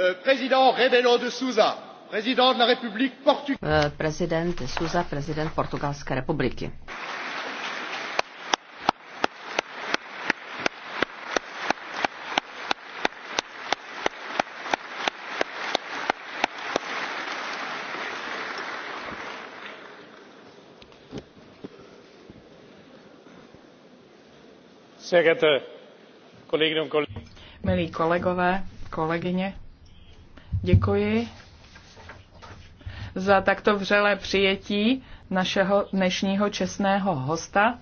Eh, prezident Rebelo de Souza, prezident de la République Portugal. Eh, prezident Souza, Portugalské republiky. milí kolegové kolegyně Děkuji za takto vřelé přijetí našeho dnešního čestného hosta,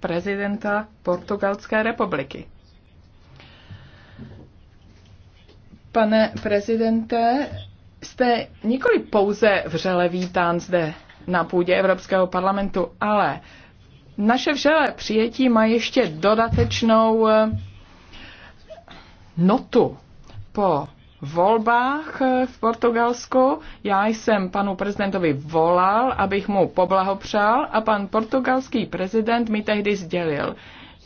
prezidenta Portugalské republiky. Pane prezidente, jste nikoli pouze vřele vítán zde na půdě Evropského parlamentu, ale naše vřelé přijetí má ještě dodatečnou eh, notu po volbách eh, v Portugalsku. Já jsem panu prezidentovi volal, abych mu poblahopřál a pan portugalský prezident mi tehdy sdělil.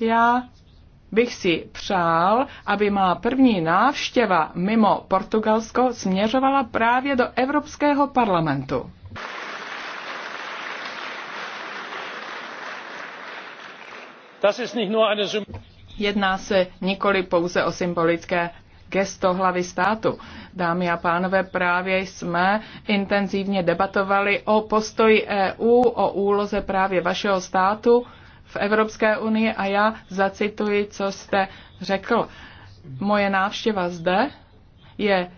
Já bych si přál, aby má první návštěva mimo Portugalsko směřovala právě do Evropského parlamentu. Jedná se nikoli pouze o symbolické gesto hlavy státu. Dámy a pánové, právě jsme intenzivně debatovali o postoji EU, o úloze právě vašeho státu v Evropské unii a já zacituji, co jste řekl. Moje návštěva zde je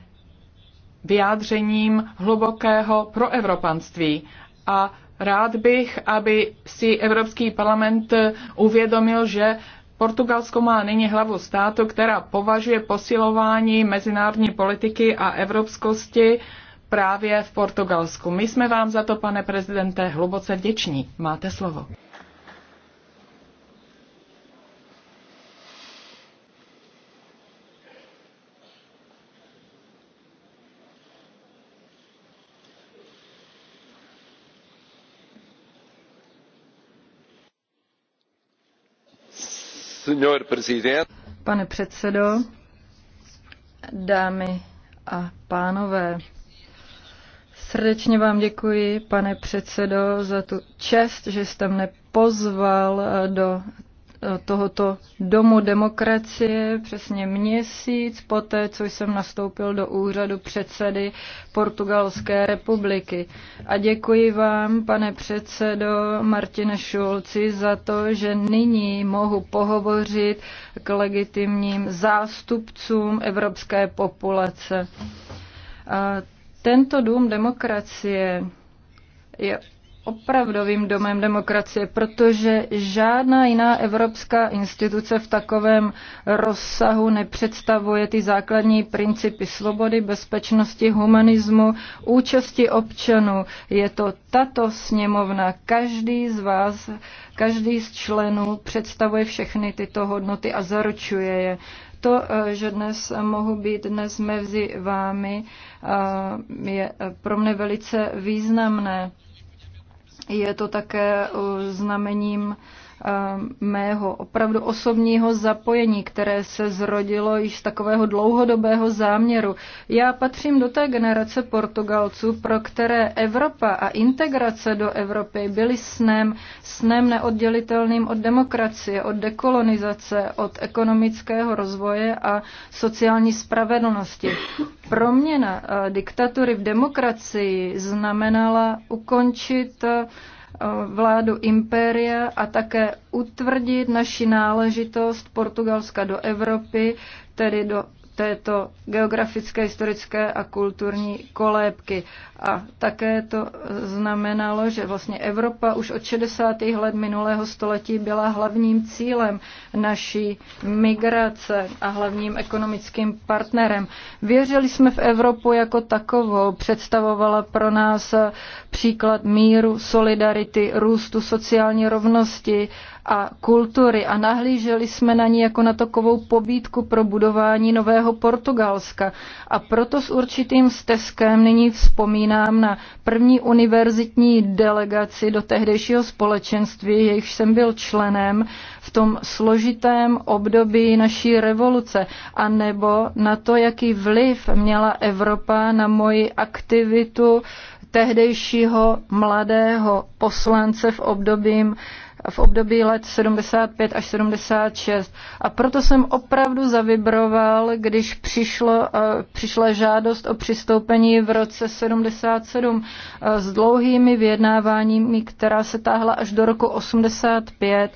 vyjádřením hlubokého proevropanství a rád bych, aby si Evropský parlament uvědomil, že Portugalsko má nyní hlavu státu, která považuje posilování mezinárodní politiky a evropskosti právě v Portugalsku. My jsme vám za to, pane prezidente, hluboce vděční. Máte slovo. Pane předsedo, dámy a pánové, srdečně vám děkuji, pane předsedo, za tu čest, že jste mne pozval eh, do Eh, tohoto domu demokracie přesně měsíc poté, co jsem nastoupil do úřadu předsedy Portugalské republiky. A děkuji vám, pane předsedo Martine Šulci, za to, že nyní mohu pohovořit k legitimním zástupcům evropské populace. A tento dům demokracie je opravdovým domem demokracie, protože žádná jiná evropská instituce v takovém rozsahu nepředstavuje ty základní principy svobody, bezpečnosti, humanismu, účasti občanů. Je to tato sněmovna. Každý z vás, každý z členů představuje všechny tyto hodnoty a zaručuje je to, eh, že dnes mohu být dnes mezi vámi, eh, je pro mne velice významné. Je to také uh, znamením Eh, mého opravdu osobního zapojení, které se zrodilo již z takového dlouhodobého záměru. Já patřím do té generace Portugalců, pro které Evropa a integrace do Evropy byly snem, snem neoddělitelným od demokracie, od dekolonizace, od ekonomického rozvoje a sociální spravedlnosti. Proměna eh, diktatury v demokracii znamenala ukončit eh, vládu impéria a také utvrdit naši náležitost Portugalska do Evropy, tedy do této geografické, historické a kulturní kolébky. A také to znamenalo, že vlastně Evropa už od 60. let minulého století byla hlavním cílem naší migrace a hlavním ekonomickým partnerem. Věřili jsme v Evropu jako takovou, představovala pro nás příklad míru, solidarity, růstu, sociální rovnosti a kultury a nahlíželi jsme na ní jako na takovou pobídku pro budování nového Portugalska. A proto s určitým stezkem nyní vzpomínám na první univerzitní delegaci do tehdejšího společenství, jejichž jsem byl členem v tom složitém období naší revoluce, a nebo na to, jaký vliv měla Evropa na moji aktivitu tehdejšího mladého poslance v obdobím v období let 75 až 76. A proto jsem opravdu zavibroval, když přišlo, eh, přišla žádost o přistoupení v roce 77 eh, s dlouhými vyjednáváními, která se táhla až do roku 85.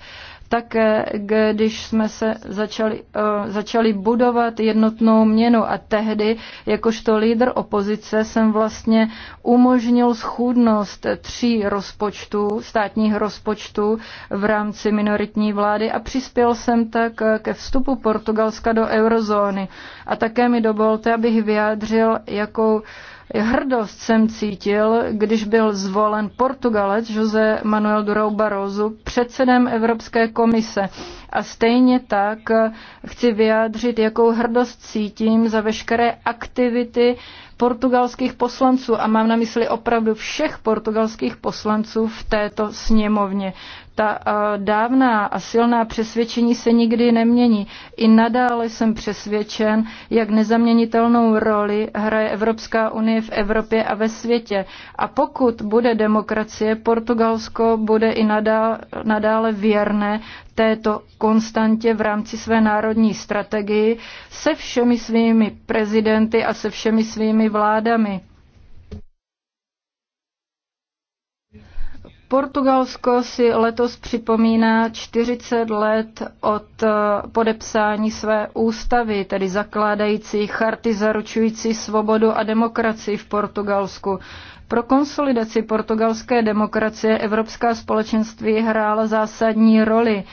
Také když jsme se začali, eh, začali budovat jednotnou měnu a tehdy, jakožto lídr opozice, jsem vlastně umožnil schůdnost tří rozpočtů, státních rozpočtů v rámci minoritní vlády a přispěl jsem tak ke vstupu Portugalska do eurozóny. A také mi dovolte, abych vyjádřil, jakou Hrdost jsem cítil, když byl zvolen Portugalec José Manuel Durão Barroso předsedem Evropské komise. A stejně tak chci vyjádřit, jakou hrdost cítím za veškeré aktivity portugalských poslanců a mám na mysli opravdu všech portugalských poslanců v této sněmovně. Ta eh, dávná a silná přesvědčení se nikdy nemění. I nadále jsem přesvědčen, jak nezaměnitelnou roli hraje Evropská unie v Evropě a ve světě. A pokud bude demokracie, Portugalsko bude i nadále, nadále věrné této konstantě v rámci své národní strategii se všemi svými prezidenty a se všemi svými vládami. Portugalsko si letos připomíná 40 let od eh, podepsání své ústavy, tedy zakládající charty zaručující svobodu a demokracii v Portugalsku. Pro konsolidaci portugalské demokracie Evropská společenství hrála zásadní roli.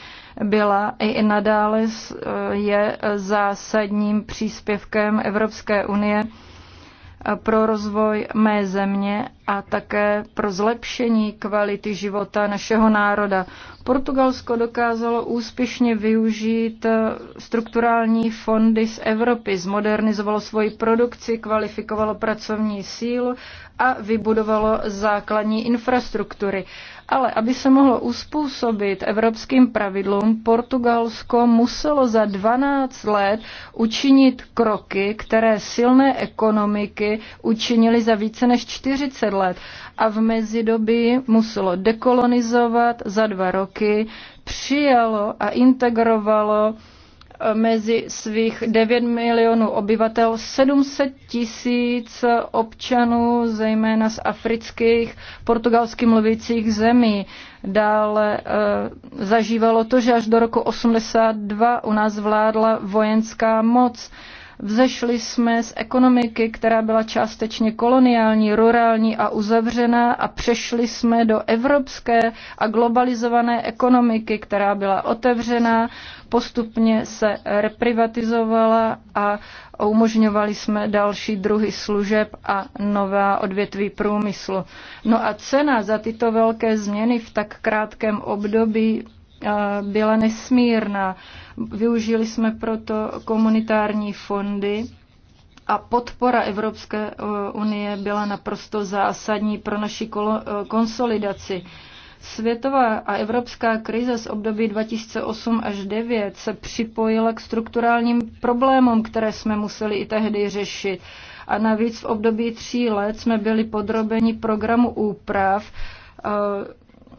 Byla i nadále eh, je zásadním příspěvkem Evropské unie pro rozvoj mé země a také pro zlepšení kvality života našeho národa. Portugalsko dokázalo úspěšně využít eh, strukturální fondy z Evropy, zmodernizovalo svoji produkci, kvalifikovalo pracovní sílu a vybudovalo základní infrastruktury. Ale aby se mohlo uspůsobit evropským pravidlům, Portugalsko muselo za 12 let učinit kroky, které silné ekonomiky učinily za více než 40 let. A v mezidobí muselo dekolonizovat za dva roky, přijalo a integrovalo mezi svých 9 milionů obyvatel 700 tisíc občanů, zejména z afrických, portugalsky mluvících zemí. Dále e, zažívalo to, že až do roku 82 u nás vládla vojenská moc. E, Vzešli jsme z ekonomiky, která byla částečně koloniální, rurální a uzavřená a přešli jsme do evropské a globalizované ekonomiky, která byla otevřená, postupně se reprivatizovala a umožňovali jsme další druhy služeb a nová odvětví průmyslu. No a cena za tyto velké změny v tak krátkém období eh, byla nesmírná. Využili jsme proto komunitární fondy a podpora Evropské eh, unie byla naprosto zásadní pro naši eh, konsolidaci. Světová a evropská krize z období 2008 až 2009 se připojila k strukturálním problémům, které jsme museli i tehdy řešit. A navíc v období tří let jsme byli podrobeni programu úprav, eh,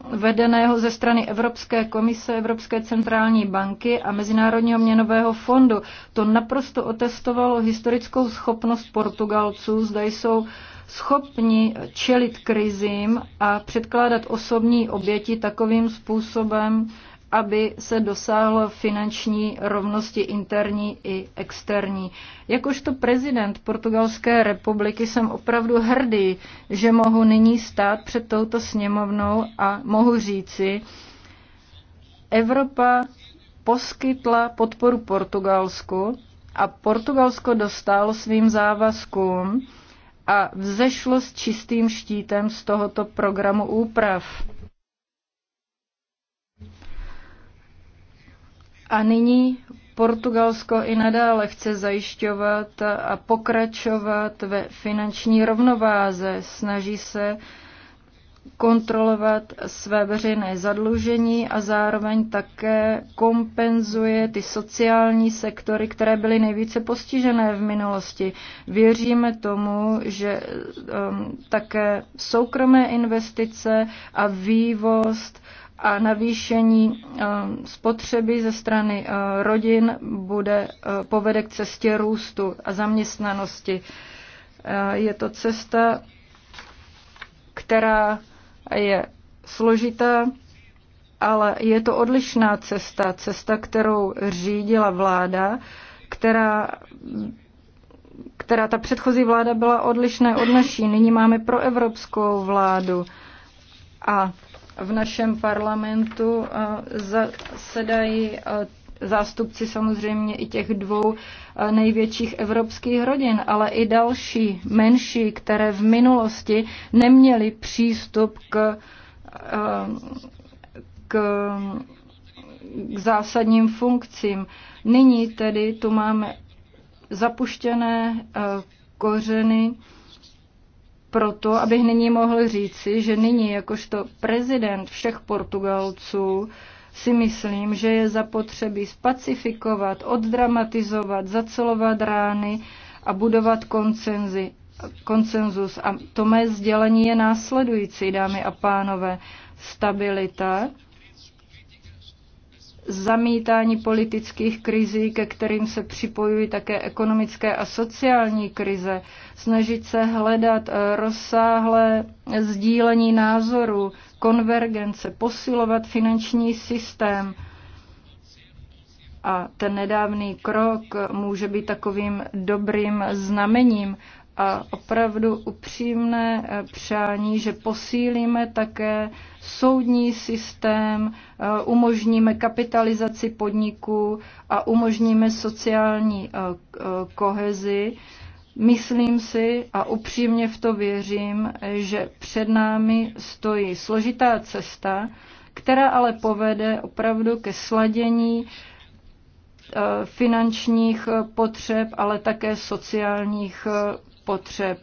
vedeného ze strany Evropské komise, Evropské centrální banky a Mezinárodního měnového fondu. To naprosto otestovalo historickou schopnost Portugalců, zda jsou schopni čelit krizím a předkládat osobní oběti takovým způsobem, aby se dosáhlo finanční rovnosti interní i externí. Jakožto prezident Portugalské republiky jsem opravdu hrdý, že mohu nyní stát před touto sněmovnou a mohu říci, Evropa poskytla podporu Portugalsku a Portugalsko dostalo svým závazkům a vzešlo s čistým štítem z tohoto programu úprav. A nyní Portugalsko i nadále chce zajišťovat a pokračovat ve finanční rovnováze. Snaží se kontrolovat své veřejné zadlužení a zároveň také kompenzuje ty sociální sektory, které byly nejvíce postižené v minulosti. Věříme tomu, že um, také soukromé investice a vývoz a navýšení eh, spotřeby ze strany eh, rodin bude eh, povede k cestě růstu a zaměstnanosti. Je to cesta, která je složitá, ale je to odlišná cesta, cesta, kterou řídila vláda, která která ta předchozí vláda byla odlišná od naší. Nyní máme proevropskou vládu a v našem parlamentu zasedají zástupci samozřejmě i těch dvou největších evropských rodin, ale i další menší, které v minulosti neměly přístup k, k, k zásadním funkcím. Nyní tedy tu máme zapuštěné kořeny proto, abych nyní mohl říci, že nyní jakožto prezident všech Portugalců si myslím, že je zapotřebí spacifikovat, oddramatizovat, zacelovat rány a budovat koncenzi, koncenzus. A to mé sdělení je následující, dámy a pánové. Stabilita, zamítání politických krizí, ke kterým se připojují také ekonomické a sociální krize, snažit se hledat eh, rozsáhlé sdílení názorů, konvergence, posilovat finanční systém. A ten nedávný krok může být takovým dobrým znamením a opravdu upřímné eh, přání, že posílíme také soudní systém, eh, umožníme kapitalizaci podniků a umožníme sociální eh, kohezi. Myslím si a upřímně v to věřím, že před námi stojí složitá cesta, která ale povede opravdu ke sladění finančních potřeb, ale také sociálních potřeb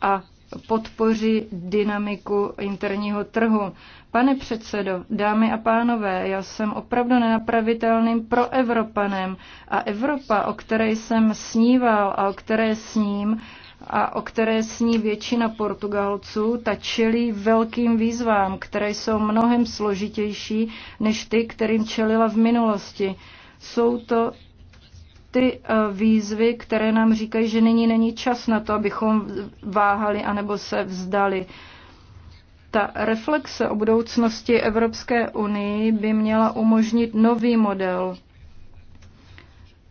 a podpoří dynamiku interního trhu. Pane předsedo, dámy a pánové, já jsem opravdu nenapravitelným proevropanem a Evropa, o které jsem sníval a o které sním a o které sní většina Portugalců, ta čelí velkým výzvám, které jsou mnohem složitější než ty, kterým čelila v minulosti. Jsou to ty eh, výzvy, které nám říkají, že nyní není čas na to, abychom váhali anebo se vzdali. Ta reflexe o budoucnosti Evropské unii by měla umožnit nový model.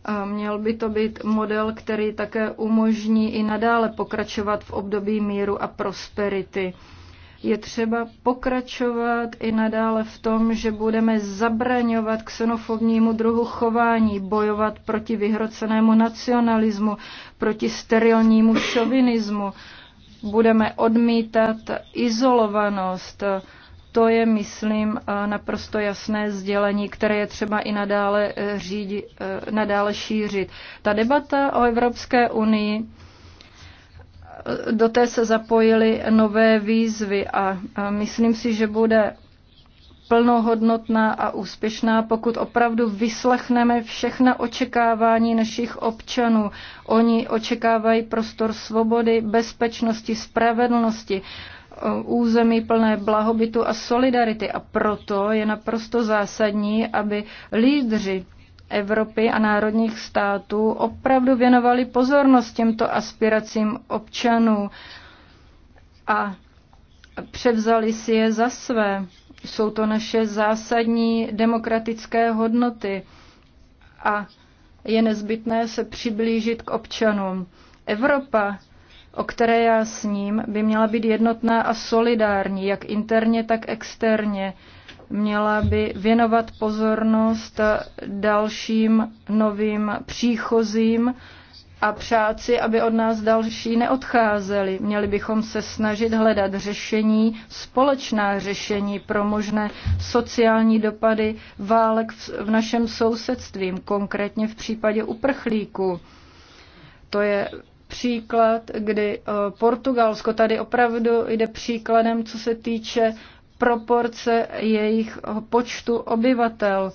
Eh, měl by to být model, který také umožní i nadále pokračovat v období míru a prosperity je třeba pokračovat i nadále v tom, že budeme zabraňovat ksenofobnímu druhu chování, bojovat proti vyhrocenému nacionalismu, proti sterilnímu šovinismu. Budeme odmítat izolovanost. To je, myslím, naprosto jasné sdělení, které je třeba i nadále, eh, řídi, eh, nadále šířit. Ta debata o Evropské unii do té se zapojily nové výzvy a myslím si, že bude plnohodnotná a úspěšná, pokud opravdu vyslechneme všechna očekávání našich občanů. Oni očekávají prostor svobody, bezpečnosti, spravedlnosti, eh, území plné blahobytu a solidarity. A proto je naprosto zásadní, aby lídři Evropy a národních států opravdu věnovali pozornost těmto aspiracím občanů a převzali si je za své. Jsou to naše zásadní demokratické hodnoty a je nezbytné se přiblížit k občanům. Evropa, o které já s ním, by měla být jednotná a solidární, jak interně, tak externě měla by věnovat pozornost dalším novým příchozím a přát si, aby od nás další neodcházeli. Měli bychom se snažit hledat řešení, společná řešení pro možné sociální dopady válek v našem sousedství, konkrétně v případě uprchlíků. To je příklad, kdy eh, Portugalsko tady opravdu jde příkladem, co se týče proporce jejich počtu obyvatel,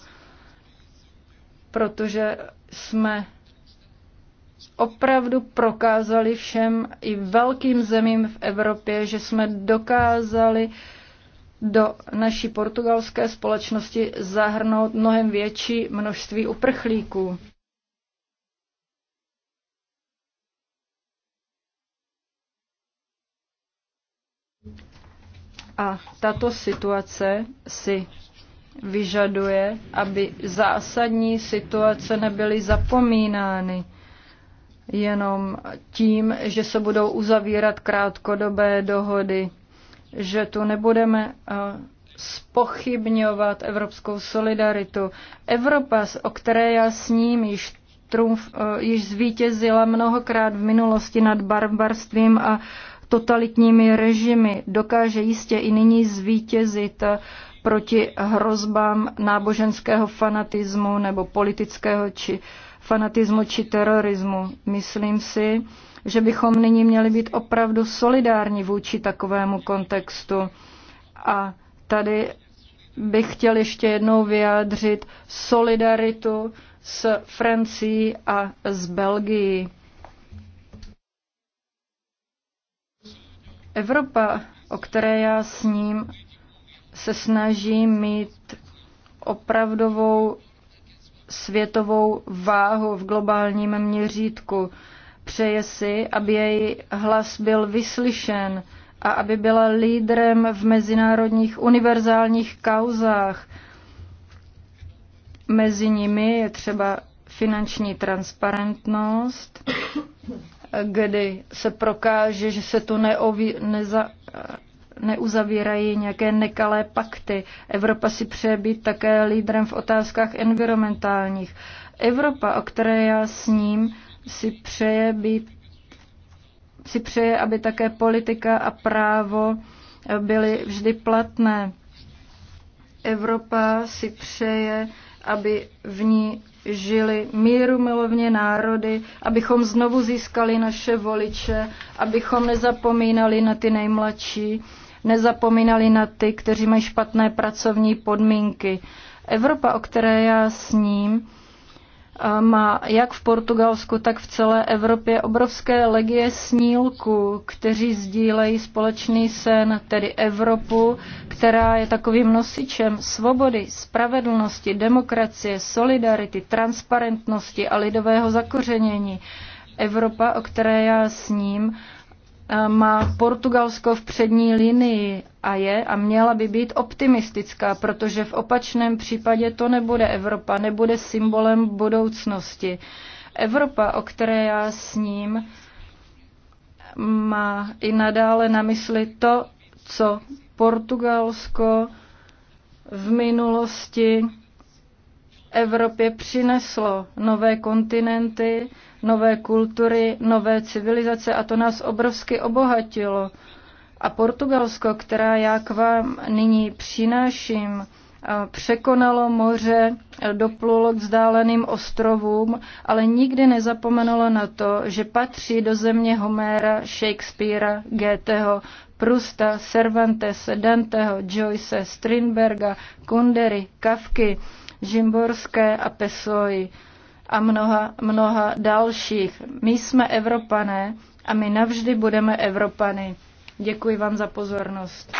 protože jsme opravdu prokázali všem i velkým zemím v Evropě, že jsme dokázali do naší portugalské společnosti zahrnout mnohem větší množství uprchlíků. A tato situace si vyžaduje, aby zásadní situace nebyly zapomínány jenom tím, že se budou uzavírat krátkodobé dohody, že tu nebudeme eh, spochybňovat evropskou solidaritu. Evropa, o které já ním již trumf, eh, již zvítězila mnohokrát v minulosti nad barbarstvím a totalitními režimy, dokáže jistě i nyní zvítězit eh, proti hrozbám náboženského fanatismu nebo politického či fanatismu či terorismu. Myslím si, že bychom nyní měli být opravdu solidární vůči takovému kontextu. A tady bych chtěl ještě jednou vyjádřit solidaritu s Francií a s Belgií. Evropa, o které já s ním se snaží mít opravdovou světovou váhu v globálním měřítku. Přeje si, aby její hlas byl vyslyšen a aby byla lídrem v mezinárodních univerzálních kauzách. Mezi nimi je třeba finanční transparentnost, kdy se prokáže, že se tu neoví, neza, neuzavírají nějaké nekalé pakty. Evropa si přeje být také lídrem v otázkách environmentálních. Evropa, o které já s ním, si přeje být si přeje, aby také politika a právo byly vždy platné. Evropa si přeje aby v ní žili míru milovně národy, abychom znovu získali naše voliče, abychom nezapomínali na ty nejmladší, nezapomínali na ty, kteří mají špatné pracovní podmínky. Evropa, o které já sním, má jak v Portugalsku, tak v celé Evropě obrovské legie snílků, kteří sdílejí společný sen, tedy Evropu, která je takovým nosičem svobody, spravedlnosti, demokracie, solidarity, transparentnosti a lidového zakořenění. Evropa, o které já sním, Eh, má Portugalsko v přední linii a je a měla by být optimistická, protože v opačném případě to nebude Evropa, nebude symbolem budoucnosti. Evropa, o které já s ním má i nadále na mysli to, co Portugalsko v minulosti Evropě přineslo nové kontinenty, nové kultury, nové civilizace a to nás obrovsky obohatilo. A Portugalsko, která já k vám nyní přináším, eh, překonalo moře, eh, doplulo k vzdáleným ostrovům, ale nikdy nezapomenulo na to, že patří do země Homéra, Shakespearea, Goetheho, Prusta, Cervantes, Danteho, Joyce, Strindberga, Kundery, Kafky. Žimborské a Pesoji a mnoha, mnoha dalších. My jsme Evropané a my navždy budeme Evropany. Děkuji vám za pozornost.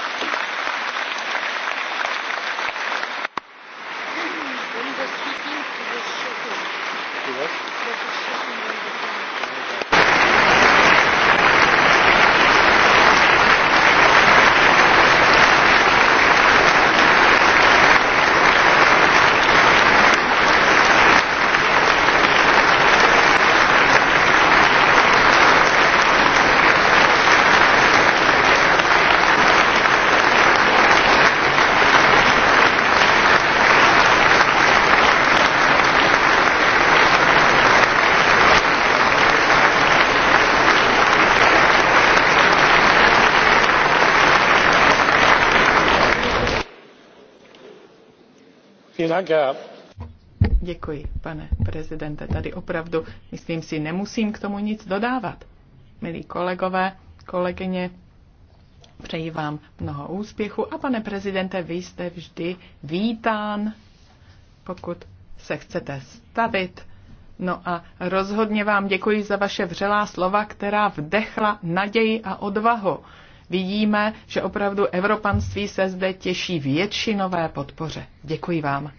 Děkuji, pane prezidente. Tady opravdu, myslím si, nemusím k tomu nic dodávat. Milí kolegové, kolegyně, přeji vám mnoho úspěchu a pane prezidente, vy jste vždy vítán, pokud se chcete stavit. No a rozhodně vám děkuji za vaše vřelá slova, která vdechla naději a odvahu. Vidíme, že opravdu evropanství se zde těší většinové podpoře. Děkuji vám.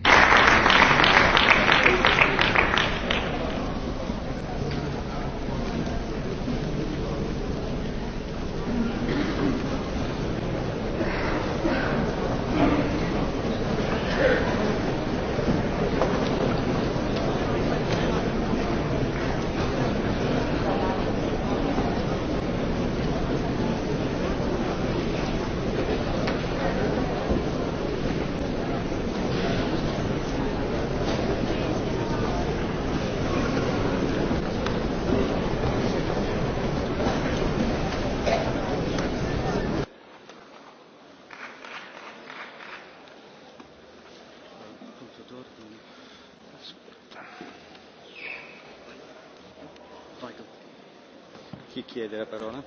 chiede la parola?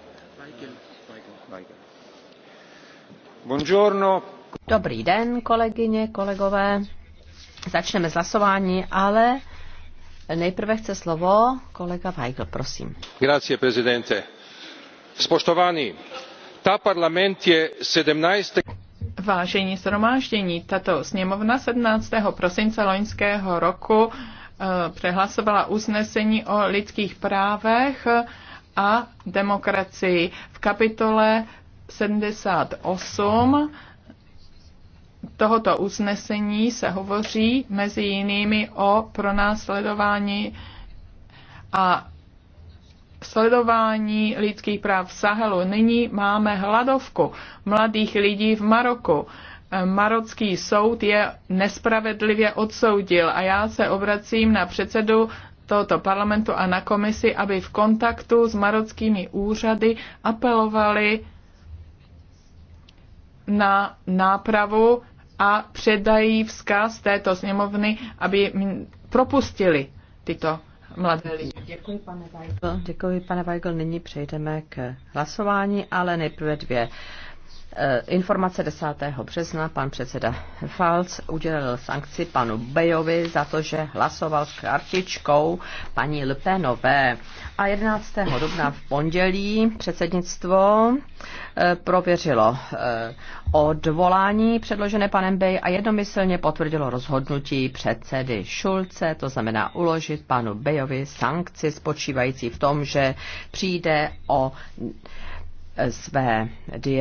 Buongiorno. Dobrý den, kolegyně, kolegové. Začneme s hlasování, ale nejprve chce slovo kolega Weigl, prosím. Grazie, prezidente. Spoštovaní, ta parlament je 17. Vážení zhromáždění, tato sněmovna 17. prosince loňského roku eh, přehlasovala usnesení o lidských právech a demokracii. V kapitole 78 tohoto usnesení se hovoří mezi jinými o pronásledování a sledování lidských práv v Sahelu. Nyní máme hladovku mladých lidí v Maroku. Marocký soud je nespravedlivě odsoudil a já se obracím na předsedu tohoto parlamentu a na komisi, aby v kontaktu s marockými úřady apelovali na nápravu a předají vzkaz této sněmovny, aby propustili tyto mladé lidi. Děkuji, pane Weigl. Děkuji, pane Weigl. Nyní přejdeme k hlasování, ale nejprve dvě Eh, informace 10. března pan předseda Falc udělal sankci panu Bejovi za to, že hlasoval s kartičkou paní Lpenové. A 11. dubna v pondělí předsednictvo eh, prověřilo eh, odvolání předložené panem Bej a jednomyslně potvrdilo rozhodnutí předsedy Šulce, to znamená uložit panu Bejovi sankci spočívající v tom, že přijde o své diety